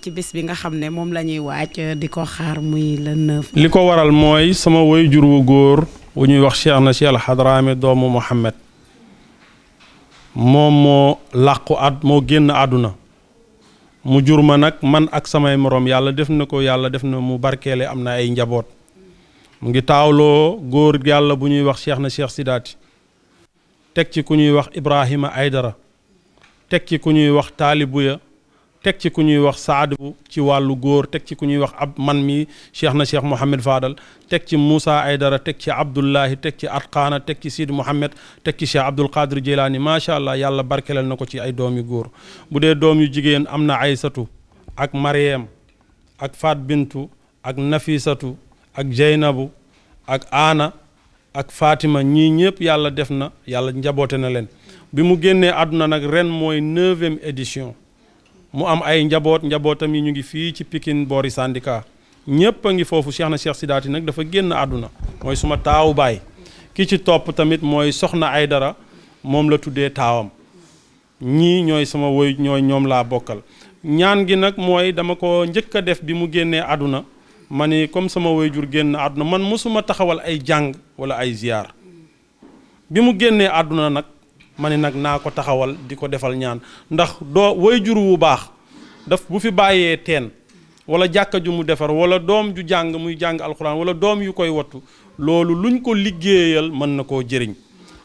ci bis bi nga xam ne moom la ñuy waaj euh, di ko xaar muy le li ko waral mooy sama waajur wu góor wu ñuy wax Cheikh na Cheikh Al doomu Mohamed moom moo làqu at moo génn àdduna mu jur ma nag man ak samay moroom yàlla def na ko yàlla def na mu barkeele am na ay njaboot mu ngi taawloo góor yàlla bu ñuy wax Cheikh na Cheikh Sidaati teg ci ku ñuy wax Ibrahima Aydara teg ci ku ñuy wax ya teg ci ku ñuy wax Saad ci wàllu góor teg ci ku ñuy wax ab man mii cheikh na cheikh Mouhamed Fadal teg ci ay dara teg ci Abdullahi teg ci Atqaana teg ci Sidi Mouhamed teg ci cheikh Abdul Qadir Jilani macha allah yàlla barkelel na ko ci ay doom yu góor bu dee doom yu jigéen am na Aysatu ak Mariam ak Fat Bintu ak Nafisatu ak Jeynabu ak Aana ak faatima ñii ñëpp yàlla def na yàlla njaboote na leen bi mu génnee àdduna nag ren mooy neuvième édition. mu am ay njaboot njabootam yi ñu ngi fii ci pikin boori Sandika ñëpp a ngi foofu Cheikh na Cheikh Sidaati nag dafa génn àdduna mooy suma taawu baay ki ci topp tamit mooy soxna ay dara moom la tuddee taawam ñii ñooy sama woy ñooy ñoom laa bokkal ñaan gi nag mooy dama ko njëkk a def bi mu génnee àdduna ma ni comme sama waajur génn àdduna man mosuma taxawal ay jàng wala ay ziyaar bi mu génnee àdduna nag ma ne nag naa ko taxawal di ko defal ñaan ndax doo way jur wu baax daf bu fi bàyyee teen wala jàkka ju mu defar wala doom ju jàng muy jàng alxuraan wala doom yu koy wattu loolu lu luñ ko liggéeyal mën na koo jëriñ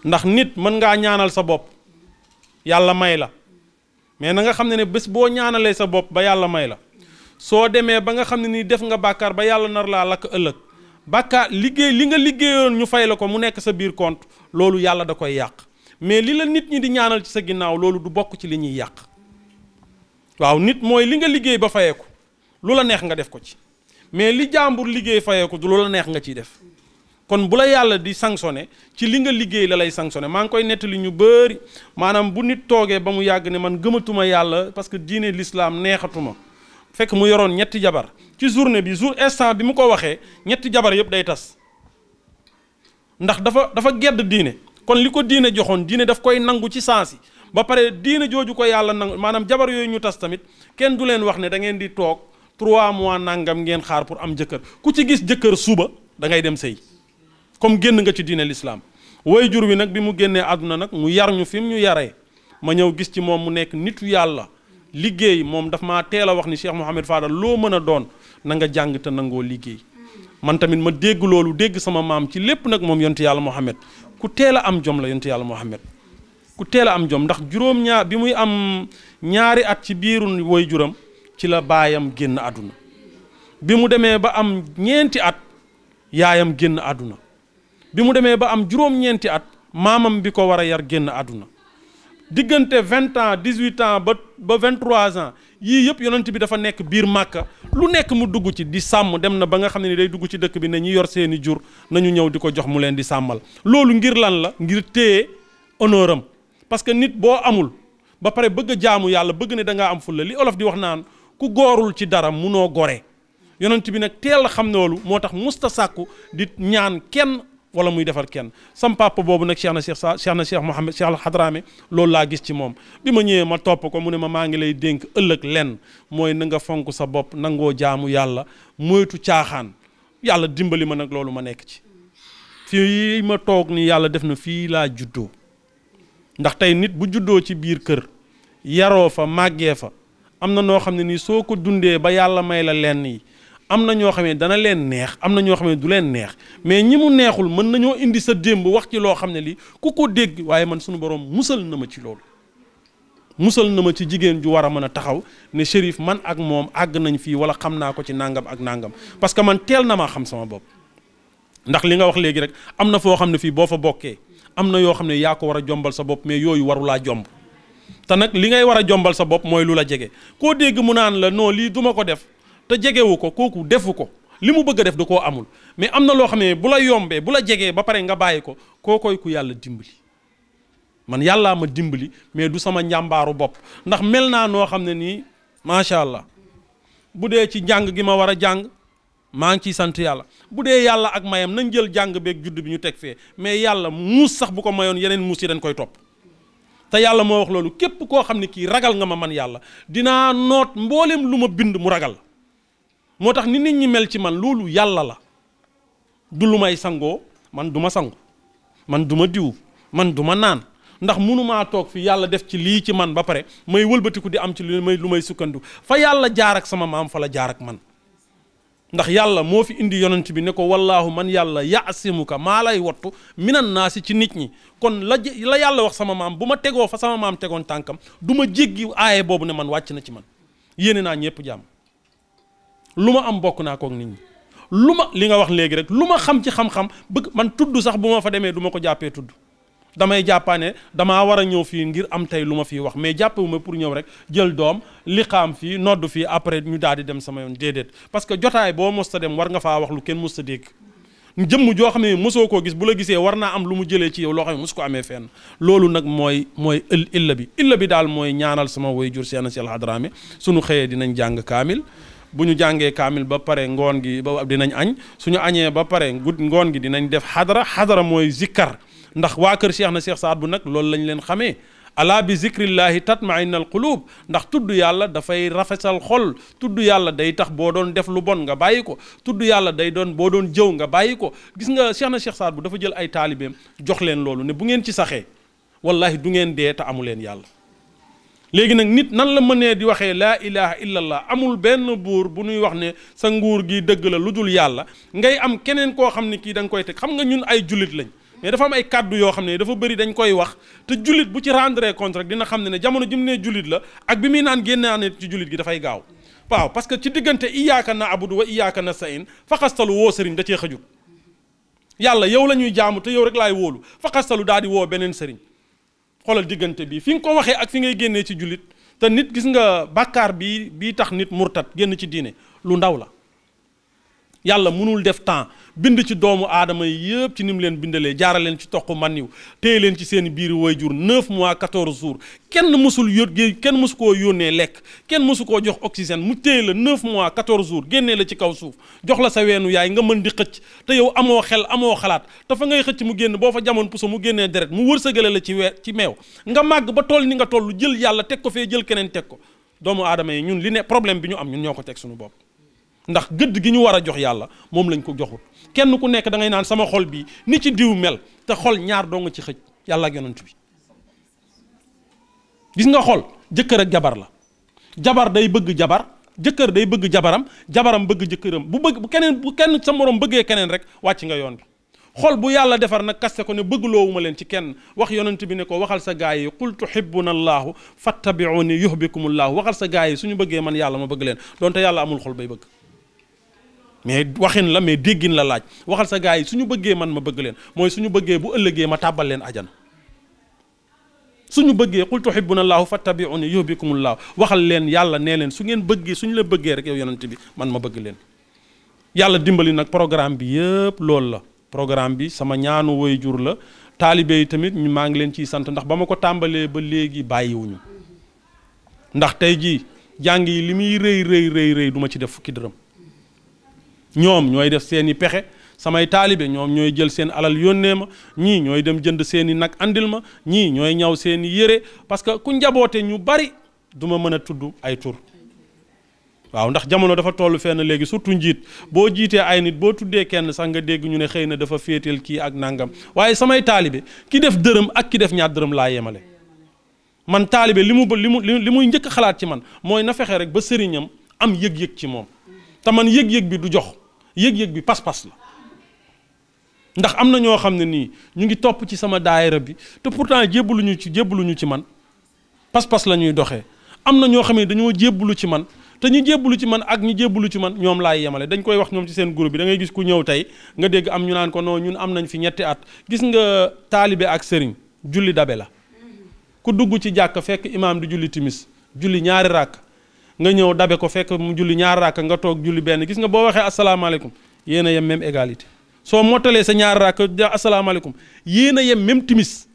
ndax nit mën ngaa ñaanal sa bopp yàlla may la mais na nga xam ne ne bés boo ñaanalee sa bopp ba yàlla may la soo demee ba nga xam ne nii def nga bàkkaar ba yàlla nar laa lakk ëllëg bàkkaar liggéey li nga liggéeyoon ñu fay la ko mu nekk sa biir compte loolu yàlla da koy yàq mais li la nit ñi di ñaanal ci sa ginnaaw loolu du bokk ci li ñuy yàq waaw nit mooy li nga liggéey ba fayeeku lu la neex nga def ko ci mais li jàmbur liggéey fayeeku du lu la neex nga ciy def kon bu la yàlla di sanctionné ci li nga liggéey la lay sanctionné maa ngi koy nettali ñu bëri maanaam bu nit toogee ba mu yàgg ne man gëmatuma yàlla parce que diine l'islam neexatuma fekk mu yoroon ñetti jabar ci journée bi jour instant bi mu ko waxee ñetti jabar yëpp day tas ndax dafa dafa gedd diine kon li ko diine joxoon diine daf koy nangu ci saasi ba pare diine jooju ko yàlla nangu maanaam jabar yooyu ñu tas tamit kenn du leen wax ne da ngeen di toog trois mois nangam ngeen xaar pour am jëkkër ku ci gis jëkkër suba da ngay dem sëy comme génn nga ci diine lislaam woy jur wi nag bi mu génnee àdduna nag mu yar ñu fi mu ñu yaree ma ñëw gis ci moom mu nekk nit yàlla liggéey moom daf maa teel a wax ni Cheikh Mouhamed Fadal loo mën a doon na nga jàng nangoo liggéey man tamit ma dégg loolu dégg sama maam ci lépp nag moom yontu yàlla Mouhamed ku teel a am jom la yonent yàlla Muhammad ku teel a am jom ndax juróom-ñaar bi muy am ñaari at ci biiru woy juram ci la baayam génn àdduna bi mu demee ba am ñeenti at yaayam génn àdduna bi mu demee ba am juróom-ñeenti at maamam bi ko war a yar génn àdduna diggante vingt ans dix huit ans ba ba vingt trois ans yii yëpp yonent bi dafa nekk biir màkka lu nekk mu dugg ci di sàmm dem na ba nga xam ne ni day dugg ci dëkk bi ne ñi yor seeni jur nañu ñëw di ko jox mu leen di sàmmal loolu ngir lan la ngir tée honneur am parce que nit boo amul ba pare bëgg jaamu yàlla bëgg ne da ngaa am fulla li olof di wax naan ku goorul ci dara munoo gore yonent bi nag teel a xam loolu moo tax musta sàkku di ñaan kenn wala muy defar kenn sam papa boobu nag Cheikh na Cheikh sa seex na Cheikh Mouhamed Cheikh al loolu laa gis ci moom bi ma ñëwee ma topp ko mu ne ma maa ngi lay dénk ëllëg lenn mooy na nga fonk sa bopp nangoo jaamu yàlla moytu caaxaan yàlla dimbali ma nag loolu ma nekk ci fii ma toog ni yàlla def na fii laa juddoo ndax tey nit bu juddoo ci biir kër yaroo fa màggee fa am na noo xam ne nii soo ko dundee ba yàlla may la lenn yi am na ñoo xam ne dana leen neex am na ñoo xam ne du leen neex mais ñi mu neexul mën nañoo indi sa démb wax ci loo xam ne lii ku ko dégg waaye man suñu borom musal na ma ci loolu musal na ma ci jigéen ju war a mën a taxaw ne Chérif man ak moom àgg nañ fii wala xam naa ko ci nangam ak nangam parce que man teel na maa xam sama bopp ndax li nga wax léegi rek am na foo xam ne fii boo fa bokkee am na yoo xam ne yaa ko war a jombal sa bopp mais yooyu warulaa jomb te nag li ngay war a jombal sa bopp mooy lu la jege koo dégg mu naan la noo lii duma ko def te jegewu ko kooku defu ko li mu bëgg a def da koo amul mais am na loo xam ne bu la yombee bu la jegee ba pare nga bàyyi ko koo koy ku yàlla dimbali man yàlla ma dimbali mais du sama njàmbaaru bopp ndax mel naa noo xam ne nii macha allah bu dee ci njàng gi ma war a jàng maa ngi ciy sant yàlla bu dee yàlla ak mayam nañ jël jàng beeg judd bi ñu teg fee mais yàlla muus sax bu ko mayoon yeneen muus yi dañ koy topp te yàlla moo wax loolu képp koo xam ne kii ragal nga ma man yàlla dinaa noot mbooleem lu ma bind mu ragal. moo tax ni nit ñi mel ci man loolu yàlla la du lu may sangoo man duma sangu man duma diw man du ma naan ndax munumaa toog fi yàlla def ci lii ci man ba pare may wëlbatiku di am ci lu may lu may sukkandu fa yàlla jaar ak sama maam fa la jaar ak man ndax yàlla moo fi indi yonent bi ne ko wallaahu man yàlla yaasimuka maa lay wottu minan naa si ci nit ñi kon la yàlla wax sama maam bu ma tegoo fa sama maam tegoon tànkam du ma jéggi aaye boobu ne man wàcc na ci man yéene naa ñëpp jàmm lu ma am bokk naa kook nit ñi lu ma li nga wax léegi rek lu ma xam ci xam-xam bëgg man tudd sax bu ma fa demee duma ko jàppee tudd damay jàppaane damaa war a ñëw fii ngir am tey lu ma fi wax mais ma pour ñëw rek jël doom li xam fii nodd fii après ñu daal di dem sama yoon déedéet parce que jotaay boo mos ta dem war nga faa wax lu kenn mos sa dégg jëm joo xam ne mosoo koo gis bu la gisee war naa am lu mu jëlee ci yow loo xam mosu ko amee fenn loolu nag mooy mooy ël bi illa bi daal mooy ñaanal sama woy jur si ana si alxadraame sunu xëyee dinañ jàng kaamil bu ñu jàngee kaamil ba pare ngoon gi ba dinañ añ suñu añee ba pare gudd ngoon gi dinañ def xadara xadara mooy zikkar ndax waa kër Cheikh na Cheikh Saad bu nag loolu lañ leen xamee alaa bi zikrillahi tatmain al qulub ndax tudd yàlla dafay rafetal xol tudd yàlla day tax boo doon def lu bon nga bàyyi ko tudd yàlla day doon boo doon jëw nga bàyyi ko gis nga Cheikh na Cheikh Saad bu dafa jël ay taalibeem jox leen loolu ne bu ngeen ci saxee wallahi du ngeen dee te amu leen yàlla léegi nag nit nan la mënee di waxee laa ilaha illallah amul benn buur bu nuy wax ne sa nguur gi dëgg la lu dul yàlla ngay am keneen koo xam ne kii da koy teg xam nga ñun ay jullit lañ mais dafa am ay kàddu yoo xam ne dafa bëri dañ koy wax te jullit bu ci rendre compte dina xam ne ne jamono jëm ne jullit la ak bi muy naan génnaa ne ci jullit gi dafay gaaw waaw parce que ci diggante iyyaka na abudu na iyyaka nasta'in faxastalu woo sëriñ da cee xëjut yàlla yow la ñuy jaamu te yow rek laay wóolu faxastalu daal di woo beneen sëriñ xoolal diggante bi fi nga ko waxee ak fi ngay génnee ci jullit te nit gis nga bàkkaar bi bii tax nit murtat génn ci diine lu ndaw la yàlla mënul def temps bind ci doomu aadama yi yëpp ci ni mu leen bindalee jaara leen ci toq maniw téye leen ci seen biir jur neuf mois quatorze jours kenn mësul yót kenn mësu koo yónnee lekk kenn mësu koo jox oxygène mu téye la neuf mois quatorze jours génnee la ci kaw suuf jox la sa weenu yaay nga mën di xëcc te yow amoo xel amoo xalaat te fa ngay xëcc mu génn boo fa jamoon puso mu génnee deret mu sa wërsëgale la ci weer ci meew nga màgg ba toll ni nga toll jël yàlla teg ko fee jël keneen ko doomu aadama yi ñun li ne problème bi ñu am ñun ñoo ko teg suñu bopp ndax gëdd gi ñu war a jox yàlla moom lañ ko joxut kenn ku nekk dangay naan sama xol bi ni ci diw mel te xol ñaar doo nga ci xëj yàlla ak bi gis nga xol jëkkër ak jabar la jabar day bëgg jabar jëkkër day bëgg jabaram jabaram bëgg jëkkëram bu bëgg bu keneen bu kenn sa morom bëggee keneen rek wàcc nga yoon bi xol bu yàlla defar nag kaste ko ne bëggloowuma leen ci kenn wax yonant bi ne ko waxal sa gaa yi qul tuhibbuna allahu fattabiuni yuhbikum allahu waxal sa gaay yi suñu bëggee man yàlla ma bëgg leen donte yàlla amul xol mais waxin la mais déggin la laaj waxal sa gars yi suñu bëggee man ma bëgg leen mooy suñu bëggee bu ëllëgee ma tàbbal leen ajana suñu bëggee na qul tuhibbuna llaahu fattabi'uni yuhbikumullaahu waxal leen yàlla nee leen su ngeen bëggee suñu la bëggee rek yow yonent bi man ma bëgg leen yàlla dimbali nag programme bi yëpp loolu la programme bi sama ñaanu jur la taalibe yi tamit maa ngi leen ciy sant ndax ba ma ko tàmbalee ba léegi bàyyiwuñu ndax tey jii jàng yi li muy rëy rëy rëy rëy du ci def fukki dërëm ñoom ñooy def seen i pexe samay taalibe ñoom ñooy jël seen alal yónnee ma ñii ñooy dem jënd seeni nag andil ma ñii ñooy ñaw seen i yére parce que ku njaboote ñu bari du ma mën a tudd ay tur waaw ndax jamono dafa toll fenn léegi surtout njiit boo jiitee ay nit boo tuddee kenn sax nga dégg ñu ne xëy na dafa féetal kii ak nangam waaye samay taalibe ki def dërëm ak ki def ñaar dërëm laa yemale man taalibe li mu ba li mu muy njëkk xalaat ci man mooy na fexe rek ba sëriñam am yëg-yëg ci moom te man yëg-yëg bi du jox yëg-yëg bi pas-pas la ndax am na ñoo xam ne nii ñu ngi topp ci sama daayira bi te pourtant jébbaluñu ci ñu ci man pas-pas la ñuy doxee am na ñoo xam ne dañoo jébbalu ci man te ñu jébbalu ci man ak ñu jébbalu ci man ñoom laay yemale dañ koy wax ñoom ci seen groupe bi dangay gis ku ñëw tey nga dégg am ñu naan ko non ñun am nañ fi ñetti at gis nga taalibe ak sëriñ julli dabe la ku dugg ci jàkk fekk imaam di julli timis julli ñaari ràkk nga ñëw dabe ko fekk mu julli ñaari rakk nga toog julli benn gis nga boo waxee asalaamaaleykum yéen a yem même égalité soo mottalee sa ñaar rakk asalaamaaleykum yéen a yem même timis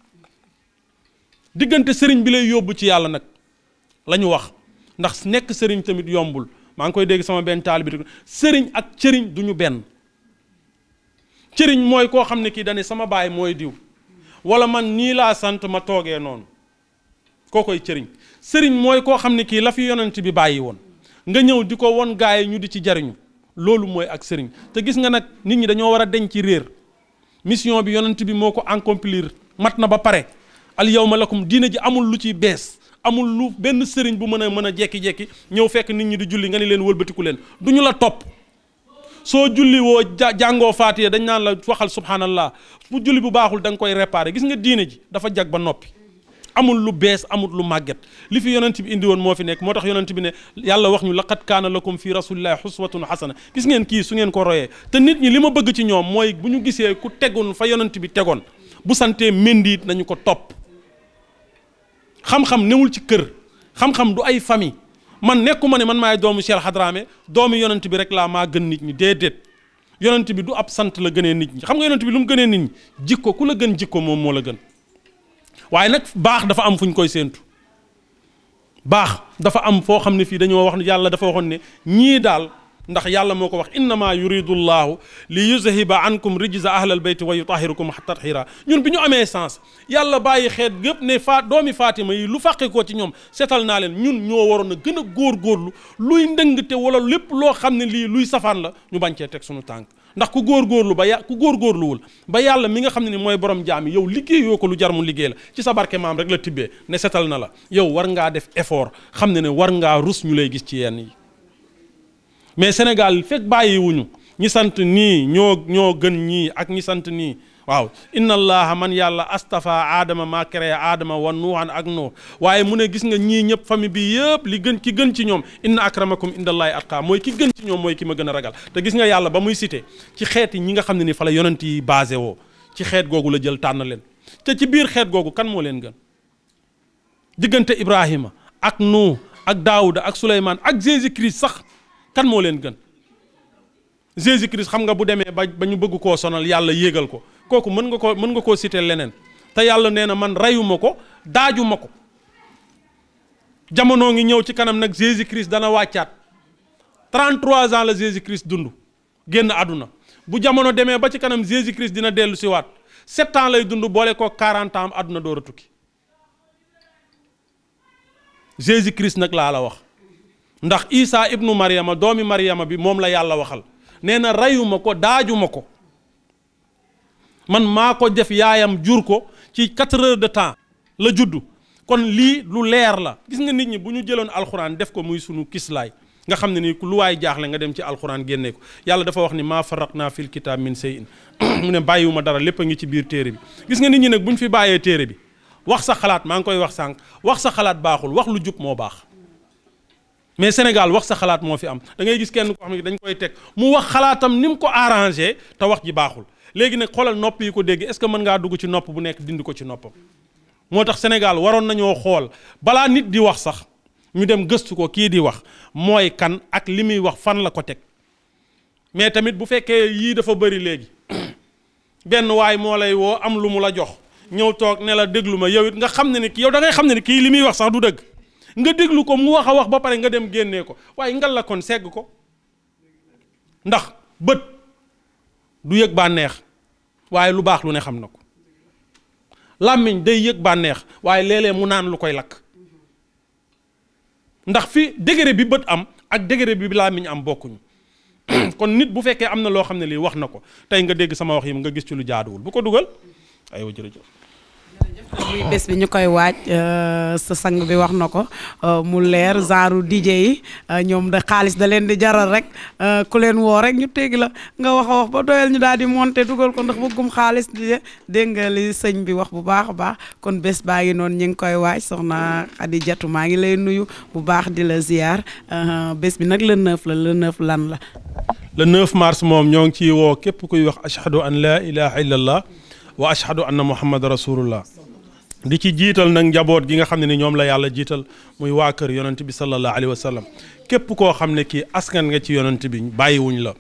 diggante sëriñ bi lay yóbbu ci yàlla nag la wax ndax nekk sëriñ tamit yombul maa ngi koy dégg sama benn taal bi sëriñ ak cëriñ du ñu benn cëriñ mooy koo xam ne kii dane sama baay mooy diw wala man nii laa sant ma toogee noonu koo koy cëriñ sëriñ mooy koo xam ne kii la fi yonent bi bàyyi woon nga ñëw di ko won gaa yi ñu di ci jariñu loolu mooy ak sëriñ te gis nga nag nit ñi dañoo war a denc ci réer mission bi yonent bi moo ko encomplir mat na ba pare al yawma lakum diine ji amul lu ci bees amul lu benn sëriñ bu mën a mën a jekki-jekki ñëw fekk nit ñi di julli nga ni leen wëlbatiku leen du ñu la topp soo julli woo jàngoo faatiya dañ naan la waxal subhanallah bu julli bu baaxul danga koy réparé gis nga diine ji dafa jag ba noppi amul lu bees amut lu màgget li fi yonent bi indi woon moo fi nekk moo tax yonent bi ne yàlla wax ñu laqad kaana lakum fi rasulillahi xuswatun xasana gis ngeen kii su ngeen ko royee te nit ñi li ma bëgg ci ñoom mooy bu ñu gisee ku tegoon fa yonent bi tegoon bu santee mendiit nañu ko topp xam-xam newul ci kër xam-xam du ay famille man nekkuma ne man maay doomu Cheikh Hadraame doomu yonent bi rek laa maa gën nit ñi déedéet yonent bi du ab sant la gënee nit ñi xam nga yonent bi lu mu gënee nit ñi jikko ku la gën jikko moom moo la gën waaye nag baax dafa am fu ñu koy séentu baax dafa am foo xam ne fii dañoo wax ne yàlla dafa waxoon ne ñii daal ndax yàlla moo ko wax innama yuridu llahu li yu yuzhiba ankum rijza ahlal bayti wa yutahirukum tathira ñun bi ñu amee sens yàlla bàyyi xeet yëpp ne faa doomi Fatima yi lu fàqe ko ci ñoom setal naa leen ñun ñoo waroon a gën a góorgóorlu luy te wala lépp loo xam ne lii luy safaan la ñu bañ teg suñu tànk ndax ku góorgóorlu ba ya ku góorgóorluwul ba yàlla mi nga xam ne ni mooy borom jaam yi yow liggéeyoo ko lu jar liggéey la ci sa barke maam rek la tibbee ne setal na la yow war ngaa def efoor xam ne ne war ngaa rus ñu lay gis ci yenn yi mais Sénégal fekk bàyyiwuñu ñi sant nii ñoo ñoo gën ñii ak ñi sant nii waaw inna allaha man yàlla astafa aadama maa créé aadama wa nuuhan ak nuux waaye mu ne gis nga ñii ñëpp famille bi yëpp li gën ki gën ci ñoom inna akramakum indallahi atqa mooy ki gën ci ñoom mooy ki ma gën a ragal te gis nga yàlla ba muy cité ci xeet yi ñi nga xam ne ni fa la yonent yi woo ci xeet googu la jël tànn leen te ci biir xeet googu kan moo leen gën diggante ibrahima ak nuux ak daawuda ak suleymaan ak jésus christ sax kan moo leen gën jésus xam nga bu demee ba ba ñu bëgg koo sonal yàlla yéegal ko kooku mën nga koo mën nga koo citer leneen te yàlla nee na man reyuma ko daajuma ko jamono ngi ñëw ci kanam nag Jésus Christ dana wàccaat 33 ans la Jésus Christ dund génn àdduna bu jamono demee ba ci kanam Jésus Christ dina dellu si waat lay dund boole ko 40 ans àdduna door a tukki Jésus nag laa la wax ndax Isa ibnu Mariama doomi Mariama bi moom la yàlla waxal nee na reyuma ko daajuma ko. man maa ko def yaayam jur ko ci quatre heures de temps la juddu kon lii lu leer la gis nga nit ñi bu ñu jëloon alxuraan def ko muy sunu kislaay nga xam ne ni lu waay jaaxle nga dem ci alxuraan génnee ko yàlla dafa wax ni maa faraq naa fil kitaab min mu ne bàyyiwuma dara lépp ngi ci biir téere bi gis nga nit ñi nag bu ñu fi bàyyee téere bi wax sa xalaat maa ngi koy wax sànq wax sa xalaat baaxul wax lu jub moo baax mais Sénégal wax sa xalaat moo fi am da ngay gis kenn ko xam ne dañ koy teg mu wax xalaatam ni mu ko arrangé te wax ji baaxul léegi nag xoolal nopp yi ko dégg est-ce que mën ngaa dugg ci nopp bu nekk dindi ko ci noppam moo tax Sénégal waroon nañoo xool balaa nit di wax sax ñu dem gëstu ko kii di wax mooy kan ak li muy wax fan la ko teg mais tamit bu fekkee yii dafa bëri léegi benn waay moo lay woo am lu mu la jox ñëw toog ne la déglu ma yow it nga xam ne ni yow da ngay xam ne ni kii li muy wax sax du dëgg nga déglu ko mu wax a wax ba pare nga dem génnee ko waaye ngal la kon ko ndax bët du yëg bànneex waaye lu baax lu ne xam na ko làmmiñ day yëg bànneex waaye léeg mu naan lu koy lakk ndax fi degré bi bët am ak degré bi làmmiñ am bokkuñu kon nit bu fekkee am na loo xam ne lii wax na ko tey nga dégg sama wax yi nga gis ci lu jaaduwul bu ko dugal aywa jërëjëf muy bés bi ñu koy waaj euh, sa sang bi wax na ko euh, mu leer genre DJ yi euh, ñoom da xaalis da leen di jaral rek ku leen woo rek ñu tegi la nga wax wax ba doyal ñu daal di monte dugal ko ndax bëggum xaalis di dégg nga li sëñ bi wax bu baax a baax kon bés baa ngi noonu ñu ngi koy waaj soxna jatu maa ngi lay nuyu bu baax di la ziar bés bi nag le 9 la le 9 lan la. le 9 mars moom ñoo ngi ciy woo képp kuy wax ashhadu an laa ilaaha illallah wa ashhadu anna muhammad rasulullah di ci jiital nag njaboot gi nga xam ne ni ñoom la yàlla jiital muy waa kër yonent bi sallallahu alayhi wa sallam képp koo xam ne kii askan nga ci yonent bi bàyyiwuñ la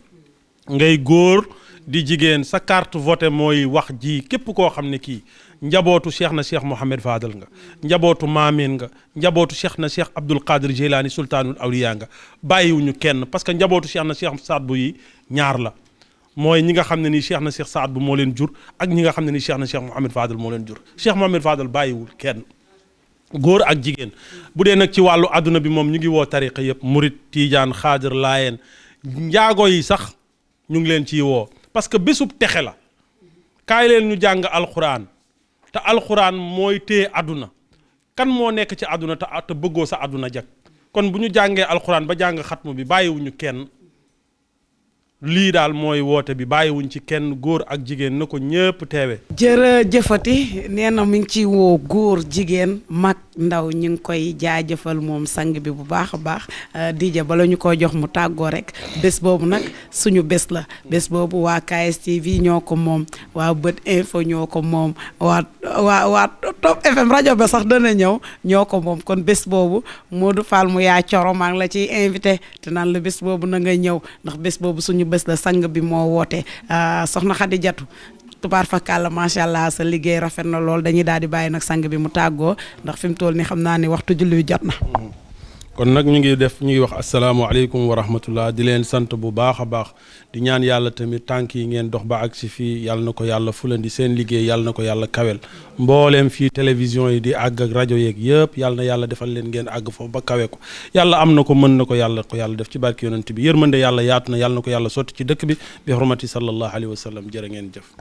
ngay góor di jigéen sa carte voté mooy wax ji képp koo xam ne kii njabootu cheikh na cheikh Mouhamed Fadal nga njabootu Maamin nga njabootu cheikh na cheikh Abdul Qadir Jilani sultaanul awliya nga bàyyiwuñu kenn parce que njabootu cheikh na cheikh Saad bu yi ñaar la mooy ñi nga xam ne ni cheikh na cheikh Saad bu moo leen jur ak ñi nga xam ne ni cheikh na cheikh Mouhamed Fadel moo leen jur cheikh Mouhamed Fadel bàyyiwul kenn góor ak jigéen bu dee nag ci wàllu àdduna bi moom ñu ngi woo tariqa yëpp murit tiijaan xaadir laayeen njaago yi sax ñu ngi leen ci woo parce que bésub texe la kaay leen ñu jàng alxuraan te alxuraan mooy téye àdduna kan moo nekk ci àdduna te bëggoo sa àdduna jag kon bu ñu jàngee alxuraan ba jàng xatmu bi bàyyiwuñu kenn lii daal mooy woote bi bàyyiwuñ ci kenn góor ak jigéen na ko ñëpp teewe jërëjëfati nee na mu ngi ci woo góor jigéen mag ndaw ñu ngi koy jaajëfal moom sang bi bu baax a baax euh, dija bala ñu ko jox mu tàggoo rekk bés boobu nag suñu bés la bés boobu waa KSTV ñoo ko moom waa Bët Info ñoo ko moom waa waa Top FM rajo ba sax dana ñëw ñoo ko moom kon bés boobu Modou Fall mu yaa coro maa ngi la ciy invité te naan la bés boobu na ngay ñëw ndax bés boobu suñu bés la sang bi moo woote ah, soxna Xadi Jatu tubaar fakàlla macha allah sa liggéey rafet na lool dañuy daal di bàyyi nag sang bi mu tàggoo ndax fi mu toll nii xam naa ne waxtu julli wi jot na mm-hmm. kon nag ñu ngi def ñu ngi wax asalaamaaleykum wa rahmatullah di leen sant bu baax a baax di ñaan yàlla tamit tànk yi ngeen dox ba ak si fii yàlla na ko yàlla di seen liggéey yàlla na ko yàlla kawel mbooleem fii télévision yi di àgg ak rajo yeeg yëpp yàlla yàlla defal leen ngeen àgg foofu ba kawe ko yàlla am na ko mën na ko yàlla ko yàlla def ci barke yonent bi yërmande yàlla yaat na yàlla ko yàlla sotti ci dëkk bi bi xurmati sallallahu alayhi wa sallam jërë ngeen jëf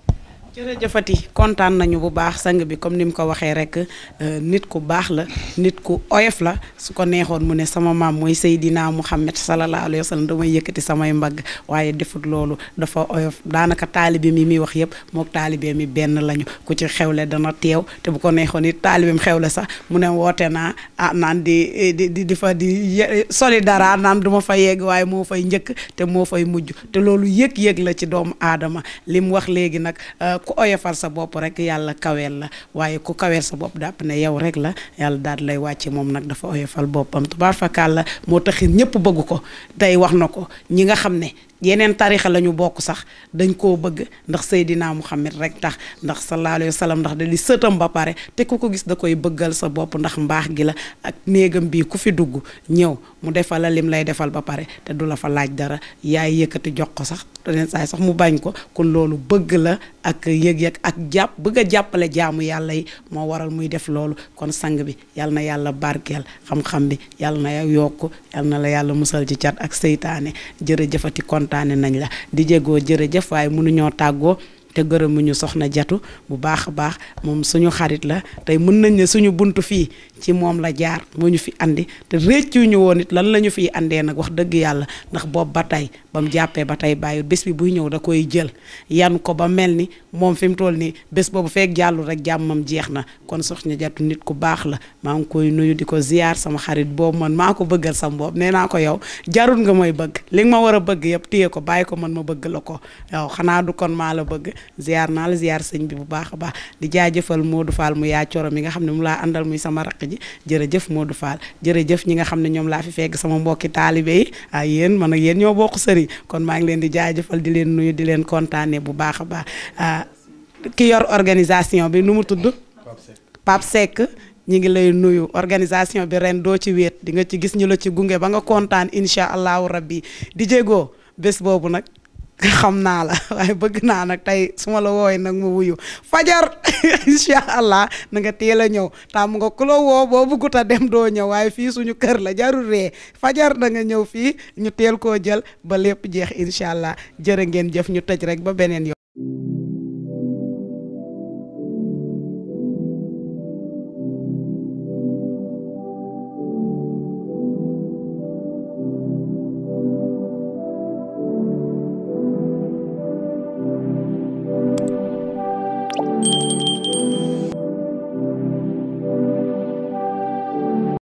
jërëjëfati kontaan nañu bu baax sang bi comme ni mu ko waxee rek euh, nit ku baax la nit ku oyof la su ko neexoon mu ne sama maam mooy Seydina Muhammad sallallahu alayhi wa sallam damay yëkkati samay mbagg waaye defut loolu dafa oyof daanaka taalibe mi muy wax yëpp mook taalibe mi benn lañu ku ci xewle dana teew te bu ko neexoon it taalibeem xewle sax mu ne woote naa ah naan di eh, di di di fa di soli dara naan duma fa yegg waaye moo fay njëkk te moo fay mujj te loolu yëg-yëg la ci doomu aadama li mu wax léegi nag euh, ku oyofal sa bopp rek yàlla kaweel la waaye ku kaweel sa bopp dàpp ne yow rek la yàlla daal lay wàcce moom nag dafa oyofal boppam tubaar fakàlla moo tax taxit ñëpp bëgg ko tey wax na ko ñi nga xam ne yeneen tarixa la ñu bokk sax dañ koo bëgg ndax Seydina Muhammad rek tax ndax sallallahu alayhi wa sallam ndax da di sëtam ba pare te ku ko gis da koy bëggal sa bopp ndax mbaax gi la ak néegam bii ku fi dugg ñëw mu defal lim lay defal ba pare te du la fa laaj dara yaay yëkkati jox ko sax yeneen sax mu bañ ko kon loolu bëgg la ak yëg-yëg ak jàpp bëgg jàppale jaamu yàlla yi moo waral muy def loolu kon sang bi yàlla na yàlla barkeel xam-xam bi yàlla na yokk yàlla na la yàlla musal ci ak seytaane jërëjëfati kontaane nañ la di jégoo jërëjëf waaye munu ñoo tàggoo te gërëmuñu soxna jatu bu baax a baax moom suñu xarit la tey mun nañ ne suñu bunt fii ci moom la jaar moo ñu fi àndi te réccu woon it lan la ñu fiy àndee nag wax dëgg yàlla ndax boobu ba tey ba jàppee ba tey bàyyi bés bi buy ñëw da koy jël yan ko ba mel ni moom fi mu toll nii bés boobu fekk jàllul rek jàmmam jeex na kon soxna Jatu nit ku baax la maa ngi koy nuyu di ko ziyaar sama xarit boobu man maa ko bëggal sam boobu nee naa ko yow jarul nga may bëgg li ma war a bëgg yëpp téye ko bàyyi ko man ma bëgg la ko yow xanaa du kon maa la bëgg ziyaar naa la ziyaar sëñ bi bu baax a baax di jaajëfal Modou Fall mu yaa coro mi nga xam ne mu laa àndal muy sama raq ji jërëjëf Modou Fall jërëjëf ñi nga xam ne ñoom laa fi fekk sama mbokki taalibe yi ay yéen man ak yéen ñoo bokk sëriñ kon maa ngi leen di jëfal di leen nuyu di leen kontaanee bu baax a baax ki yor organisation bi nu mu tudd Pape Seck ñi ngi lay nuyu organisation bi ren doo ci wéet di nga ci gis ñu la ci gunge ba nga kontaan incha allahu rabbi di jégoo bés boobu nag xam naa la waaye bëgg naa nag tey su ma la wooyee nag mu wuyu fajar incha allah na nga teel a ñëw tàmm nga ku la woo boo bëggut a dem doo ñëw waaye fii suñu kër la jarul ree fajar da nga ñëw fii ñu teel koo jël ba lépp jeex incha allah jërë ngeen jëf ñu tëj rek ba beneen yoon